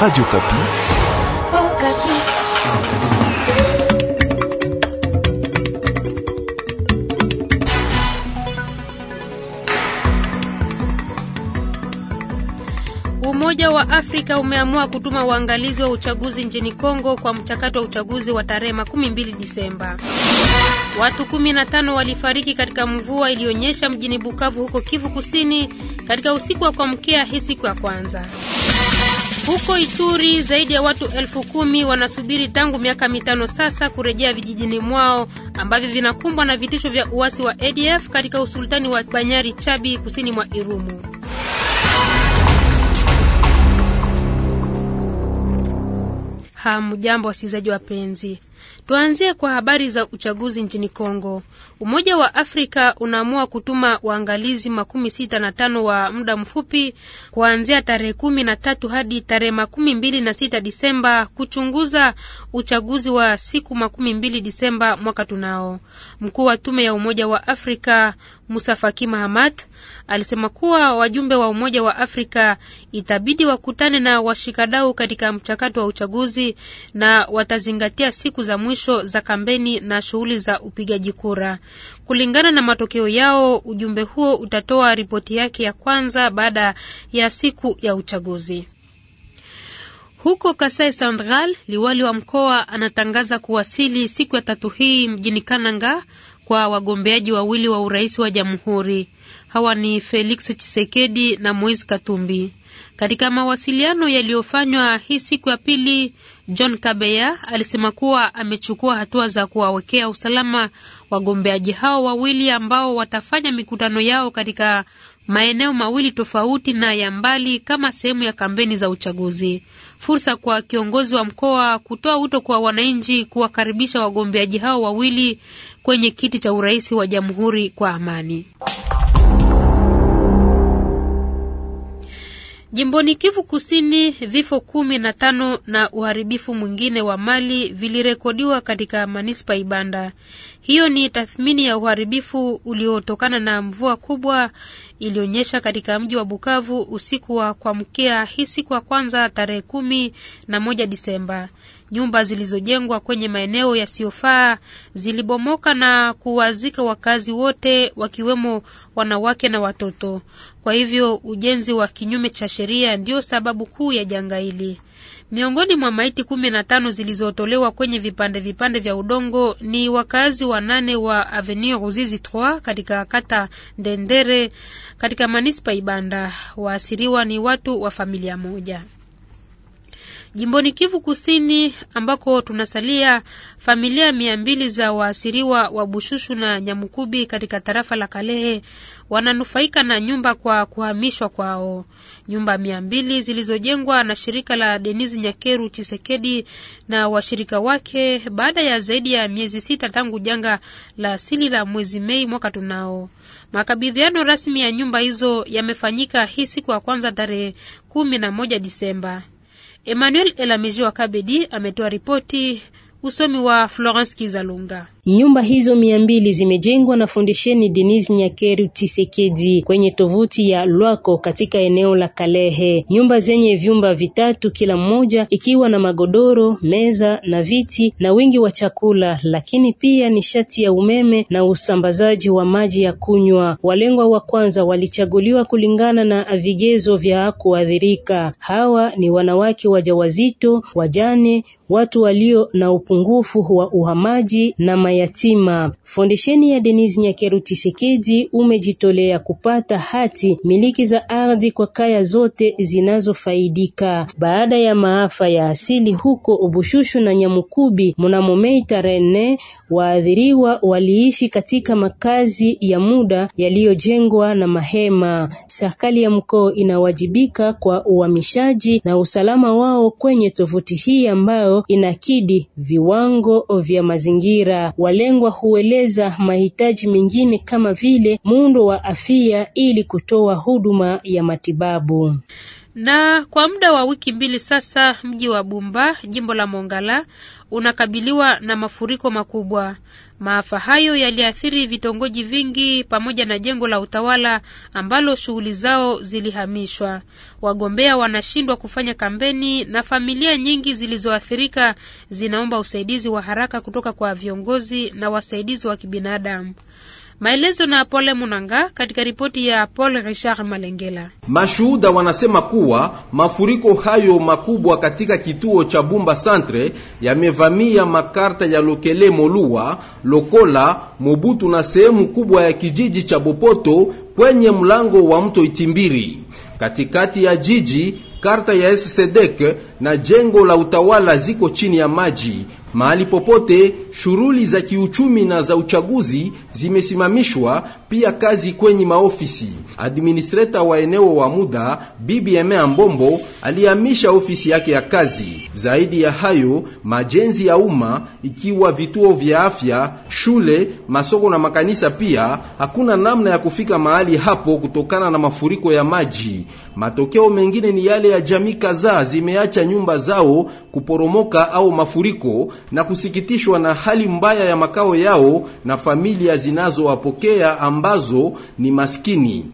Radio Kapi. Oh, Kapi. Umoja wa Afrika umeamua kutuma waangalizi wa uchaguzi nchini Kongo kwa mchakato wa uchaguzi wa tarehe 12 Disemba. Watu 15 walifariki katika mvua iliyonyesha mjini Bukavu huko Kivu Kusini katika usiku wa kuamkea hii siku ya kwanza. Huko Ituri zaidi ya watu elfu kumi wanasubiri tangu miaka mitano sasa kurejea vijijini mwao ambavyo vinakumbwa na vitisho vya uasi wa ADF katika usultani wa Banyari Chabi kusini mwa Irumu. Hamjambo wasikilizaji wapenzi. Tuanzie kwa habari za uchaguzi nchini Kongo. Umoja wa Afrika unaamua kutuma waangalizi makumi sita na tano wa muda mfupi kuanzia tarehe kumi na tatu hadi tarehe makumi mbili na sita Disemba kuchunguza uchaguzi wa siku makumi mbili Disemba mwaka tunao. Mkuu wa tume ya Umoja wa Afrika Musafaki Mahamat alisema kuwa wajumbe wa Umoja wa Afrika itabidi wakutane na washikadau katika mchakato wa uchaguzi na watazingatia siku za mwisho za kampeni na shughuli za upigaji kura. Kulingana na matokeo yao, ujumbe huo utatoa ripoti yake ya kwanza baada ya siku ya uchaguzi. Huko Kasai Central, liwali wa mkoa anatangaza kuwasili siku ya tatu hii mjini Kananga kwa wagombeaji wawili wa urais wa jamhuri. Hawa ni Felix chisekedi na Moise Katumbi. Katika mawasiliano yaliyofanywa hii siku ya pili, John Kabeya alisema kuwa amechukua hatua za kuwawekea usalama wagombeaji hao wawili ambao watafanya mikutano yao katika maeneo mawili tofauti na ya mbali kama sehemu ya kampeni za uchaguzi. Fursa kwa kiongozi wa mkoa kutoa wito kwa wananchi kuwakaribisha wagombeaji hao wawili kwenye kiti cha urais wa jamhuri kwa amani. Jimboni Kivu Kusini, vifo kumi na tano na uharibifu mwingine wa mali vilirekodiwa katika manispa Ibanda. Hiyo ni tathmini ya uharibifu uliotokana na mvua kubwa iliyonyesha katika mji wa Bukavu usiku wa kuamkia hii siku ya kwanza tarehe kumi na moja Disemba. Nyumba zilizojengwa kwenye maeneo yasiyofaa zilibomoka na kuwazika wakazi wote wakiwemo wanawake na watoto. Kwa hivyo ujenzi wa kinyume cha sheria ndio sababu kuu ya janga hili. Miongoni mwa maiti kumi na tano zilizotolewa kwenye vipande vipande vya udongo ni wakazi wanane wa Avenue Ruzizi 3 katika kata Ndendere katika manispa Ibanda. Waasiriwa ni watu wa familia moja. Jimboni Kivu Kusini ambako tunasalia, familia mia mbili za waasiriwa wa Bushushu na Nyamukubi katika tarafa la Kalehe wananufaika na nyumba kwa kuhamishwa kwao. Nyumba mia mbili zilizojengwa na shirika la Denis Nyakeru Chisekedi na washirika wake baada ya zaidi ya miezi sita tangu janga la asili la mwezi Mei mwaka tunao. Makabidhiano rasmi ya nyumba hizo yamefanyika hii siku ya kwanza tarehe kumi na moja Disemba. Emmanuel wa Kabedi ametoa ripoti, usomi wa Florence Kizalunga. Nyumba hizo mia mbili zimejengwa na Fondesheni Denis Nyakeru Tisekedi kwenye tovuti ya Lwako katika eneo la Kalehe. Nyumba zenye vyumba vitatu kila mmoja ikiwa na magodoro, meza na viti na wingi wa chakula, lakini pia nishati ya umeme na usambazaji wa maji ya kunywa. Walengwa wa kwanza walichaguliwa kulingana na vigezo vya kuathirika. Hawa ni wanawake wajawazito, wajane, watu walio na upungufu wa uhamaji na maya mayatima. Fondesheni ya Denis Nyakeru Tshisekedi umejitolea kupata hati miliki za ardhi kwa kaya zote zinazofaidika baada ya maafa ya asili huko Ubushushu na Nyamukubi mnamo Mei tarehe nne, Waadhiriwa waliishi katika makazi ya muda yaliyojengwa na mahema. Serikali ya mkoa inawajibika kwa uhamishaji na usalama wao kwenye tovuti hii ambayo inakidi viwango vya mazingira. Walengwa hueleza mahitaji mengine kama vile muundo wa afya ili kutoa huduma ya matibabu. Na kwa muda wa wiki mbili sasa, mji wa Bumba, jimbo la Mongala, unakabiliwa na mafuriko makubwa. Maafa hayo yaliathiri vitongoji vingi pamoja na jengo la utawala ambalo shughuli zao zilihamishwa. Wagombea wanashindwa kufanya kampeni na familia nyingi zilizoathirika zinaomba usaidizi wa haraka kutoka kwa viongozi na wasaidizi wa kibinadamu. Maelezo na Pole Munanga katika ripoti ya Paul Richard Malengela. Mashuhuda wanasema kuwa mafuriko hayo makubwa katika kituo cha Bumba Centre yamevamia makarta ya Lokele, Molua, Lokola, Mobutu na sehemu kubwa ya kijiji cha Bopoto kwenye mlango wa mto Itimbiri katikati ya jiji. Karta ya SSDEC na jengo la utawala ziko chini ya maji Mahali popote shughuli za kiuchumi na za uchaguzi zimesimamishwa, pia kazi kwenye maofisi. Administrator wa eneo wa muda BBM Ambombo alihamisha ofisi yake ya kazi. Zaidi ya hayo, majenzi ya umma ikiwa vituo vya afya, shule, masoko na makanisa, pia hakuna namna ya kufika mahali hapo kutokana na mafuriko ya maji. Matokeo mengine ni yale ya jamii kadhaa zimeacha nyumba zao kuporomoka au mafuriko na kusikitishwa na hali mbaya ya makao yao na familia zinazowapokea ambazo ni maskini.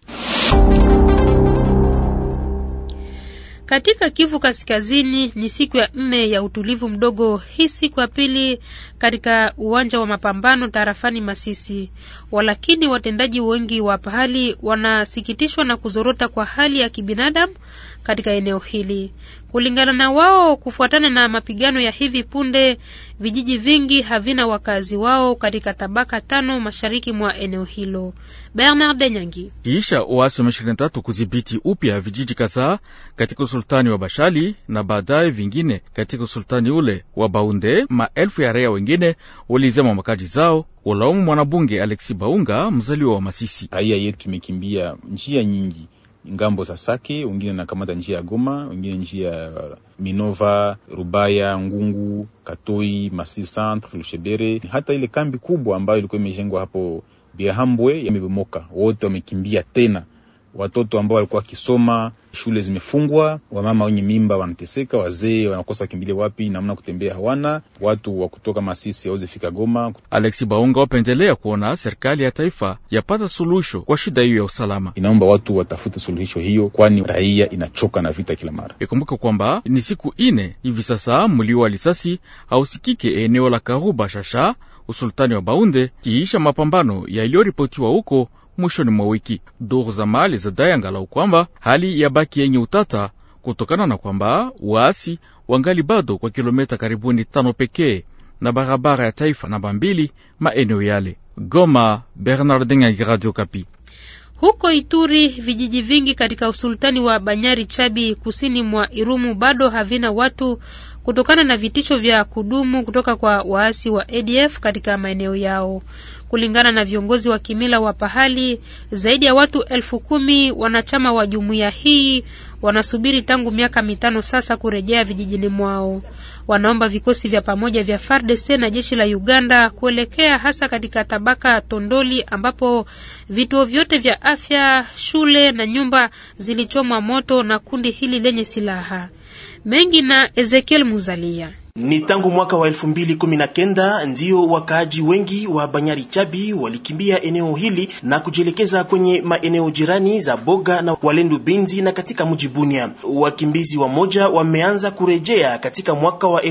Katika Kivu Kaskazini ni siku ya nne ya utulivu mdogo, hii siku ya pili katika uwanja wa mapambano tarafani Masisi. Walakini watendaji wengi wa pahali wanasikitishwa na kuzorota kwa hali ya kibinadamu katika eneo hili. Kulingana na wao, kufuatana na mapigano ya hivi punde, vijiji vingi havina wakazi wao katika tabaka tano mashariki mwa eneo hilo. Bernard Nyangi. kiisha uasi wa M23 kudhibiti upya vijiji kadhaa katika usultani wa Bashali na baadaye vingine katika usultani ule wa Baunde, maelfu ya raia wengine walizema makaji zao. Walaumu mwanabunge Alexi Baunga, mzaliwa wa Masisi. Raia yetu imekimbia njia nyingi ngambo za Sake, wengine nakamata njia ya Goma, wengine njia ya Minova, Rubaya, Ngungu, Katoi, Masi Centre, Lushebere, hata ile kambi kubwa ambayo ilikuwa imejengwa hapo Biahambwe yamebomoka, wote wamekimbia tena watoto ambao walikuwa wakisoma, shule zimefungwa, wamama wenye mimba wanateseka, wazee wanakosa wakimbilie wapi, namna kutembea hawana, watu wa kutoka Masisi hawezi fika Goma. Alexi Baunga wapendelea kuona serikali ya taifa yapata suluhisho kwa shida hiyo ya usalama. Inaomba watu watafute suluhisho hiyo, kwani raia inachoka na vita kila mara. Ikumbuke kwamba ni siku ine hivi sasa mlio wa lisasi hausikike eneo la Karuba Shasha, usultani wa Baunde, kiisha mapambano yaliyoripotiwa huko mwishoni mwa wiki. Duru za mali zadai angalau kwamba hali baki yenye utata kutokana na kwamba waasi wangali bado kwa kilomita karibuni tano pekee na barabara ya taifa namba mbili maeneo yale. Goma, Bernardin ya Radio Kapi. Huko Ituri, vijiji vingi katika usultani wa Banyari Chabi kusini mwa Irumu bado havina watu kutokana na vitisho vya kudumu kutoka kwa waasi wa ADF katika maeneo yao. Kulingana na viongozi wa kimila wa pahali, zaidi ya watu elfu kumi wanachama wa jumuiya hii wanasubiri tangu miaka mitano sasa kurejea vijijini mwao. Wanaomba vikosi vya pamoja vya FARDC na jeshi la Uganda kuelekea hasa katika tabaka Tondoli, ambapo vituo vyote vya afya, shule na nyumba zilichomwa moto na kundi hili lenye silaha mengi na Ezekiel Muzalia. Ni tangu mwaka wa kenda ndio wakaaji wengi wa Banyari Chabi walikimbia eneo hili na kujielekeza kwenye maeneo jirani za Boga na Walendu Binzi na katika mji Bunia. Wakimbizi wa moja wameanza kurejea katika mwaka wa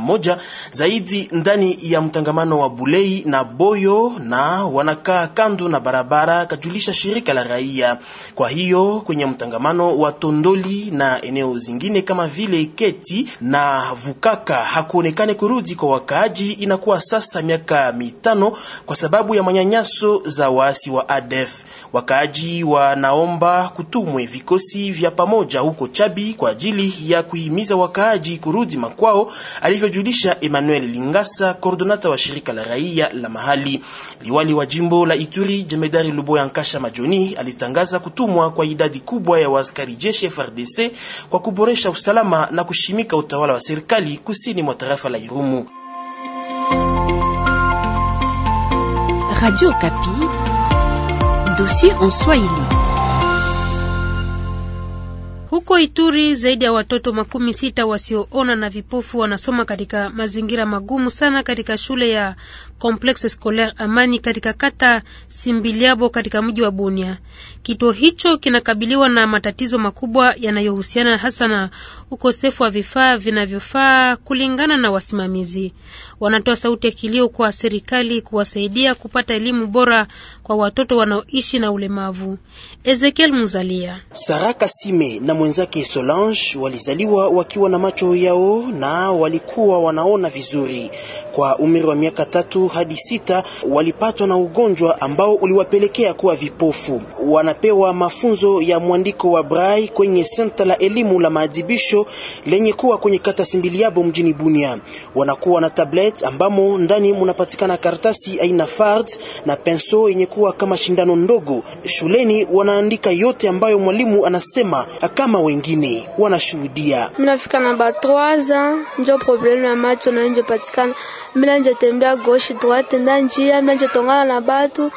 moja zaidi ndani ya mtangamano wa Bulei na Boyo na wanakaa kando na barabara, kajulisha shirika la raia. Kwa hiyo kwenye mtangamano wa Tondoli na eneo zingine kama vile Keti na Vukaka hakuonekane kurudi kwa wakaaji, inakuwa sasa miaka mitano kwa sababu ya manyanyaso za waasi wa ADF. Wakaaji wanaomba kutumwe vikosi vya pamoja huko Chabi kwa ajili ya kuhimiza wakaaji kurudi makwao, alivyojulisha Emmanuel Lingasa, koordinata wa shirika la raia la mahali. Liwali wa jimbo la Ituri, jemedari Luboya Nkasha Majoni, alitangaza kutumwa kwa idadi kubwa ya waaskari jeshi FRDC kwa kuboresha usalama na kushimika utawala wa serikali serikali kusini mwa tarafa la Irumu. Radio Kapi, dossier en Swahili. Huko Ituri zaidi ya watoto makumi sita wasioona na vipofu wanasoma katika mazingira magumu sana katika shule ya Complexe Scolaire Amani katika kata Simbiliabo katika mji wa Bunia. Kituo hicho kinakabiliwa na matatizo makubwa yanayohusiana hasa na ukosefu wa vifaa vinavyofaa kulingana na wasimamizi. Wanatoa sauti ya kilio kwa serikali kuwasaidia kupata elimu bora kwa watoto wanaoishi na ulemavu. Ezekiel Muzalia. Saraka Sime na mwenzake Solange walizaliwa wakiwa na macho yao na walikuwa wanaona vizuri. Kwa umri wa miaka tatu hadi sita walipatwa na ugonjwa ambao uliwapelekea kuwa vipofu. Wanapewa mafunzo ya mwandiko wa brai kwenye senta la elimu la maadhibisho lenye kuwa kwenye kata Simbiliabo mjini Bunia. Wanakuwa na tablet ambamo ndani munapatikana karatasi aina fard na penso yenye kuwa kama shindano ndogo. Shuleni wanaandika yote ambayo mwalimu anasema akama kama wengine wanashuhudia. Mnafika namba 3 njo problemu ya macho na nje patikana, mina nje tembea goshi droite na njia mina nje tongana na batu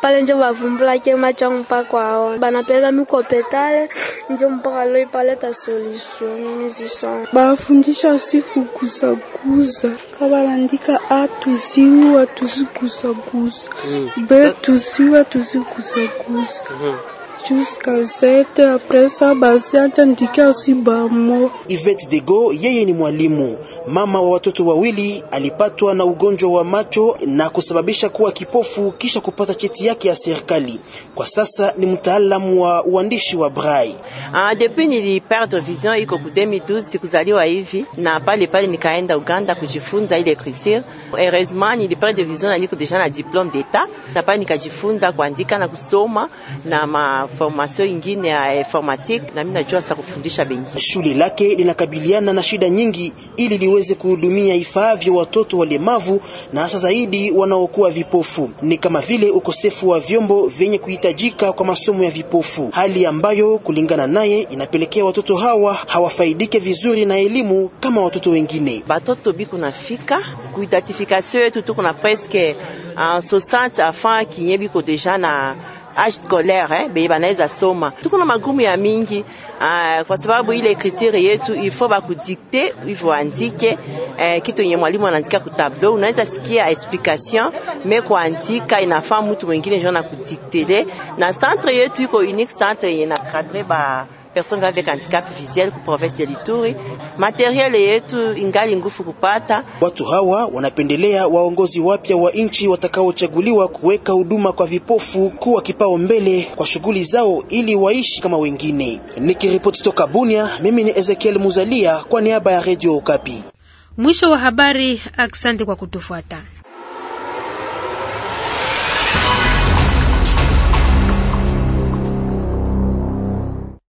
pale nje bavumbula ke macho angu mpaka waona banapeleka miko petale njo mpaka loi pale ta solution bafundisha siku kuzaguza kabalandika a tuziwa tuziguzaguza mm. b tuziwa tuziguzaguza mm mm-hmm jusqu'à cette après ça basi ataandikia sibamo. Yvette Dego yeye ni mwalimu mama wa watoto wawili, alipatwa na ugonjwa wa macho na kusababisha kuwa kipofu kisha kupata cheti yake ya serikali. Kwa sasa ni mtaalamu wa uandishi wa braille. Ah, depuis perdre vision iko ku 2012 sikuzaliwa hivi, na pale pale nikaenda Uganda kujifunza ile écriture. Heureusement perdre vision na niko deja na diplome d'état na pale nikajifunza kuandika na kusoma na ma formation ingine ya informatique, na mimi najua sasa kufundisha bengi. Shule lake linakabiliana na shida nyingi ili liweze kuhudumia ifaavyo watoto walemavu na hasa zaidi wanaokuwa vipofu, ni kama vile ukosefu wa vyombo vyenye kuhitajika kwa masomo ya vipofu, hali ambayo kulingana naye inapelekea watoto hawa hawafaidike vizuri na elimu kama watoto wengine. Batoto biko nafika ku identification yetu tuko na presque 60 afa kinyebi ko deja na age scolaire eh, bei banaweza soma. Tuko na magumu ya mingi uh, kwa sababu ile kriteria yetu ifo bakudikte hivyo andike eh, kitu yenye mwalimu anaandika ku tableau, unaweza sikia explication me kuandika inafaa mtu mwingine njo nakudikte na centre yetu iko unique centre yenye na ba personnes avec handicap visuel ku province de Lituri. Materiel yetu ingali ngufu kupata. Watu hawa wanapendelea waongozi wapya wa nchi watakaochaguliwa kuweka huduma kwa vipofu kuwa kipao mbele kwa shughuli zao ili waishi kama wengine. Nikiripoti toka Bunia, mimi ni Ezekiel Muzalia kwa niaba ya Radio Okapi. Mwisho wa habari. Asante kwa kutufuata.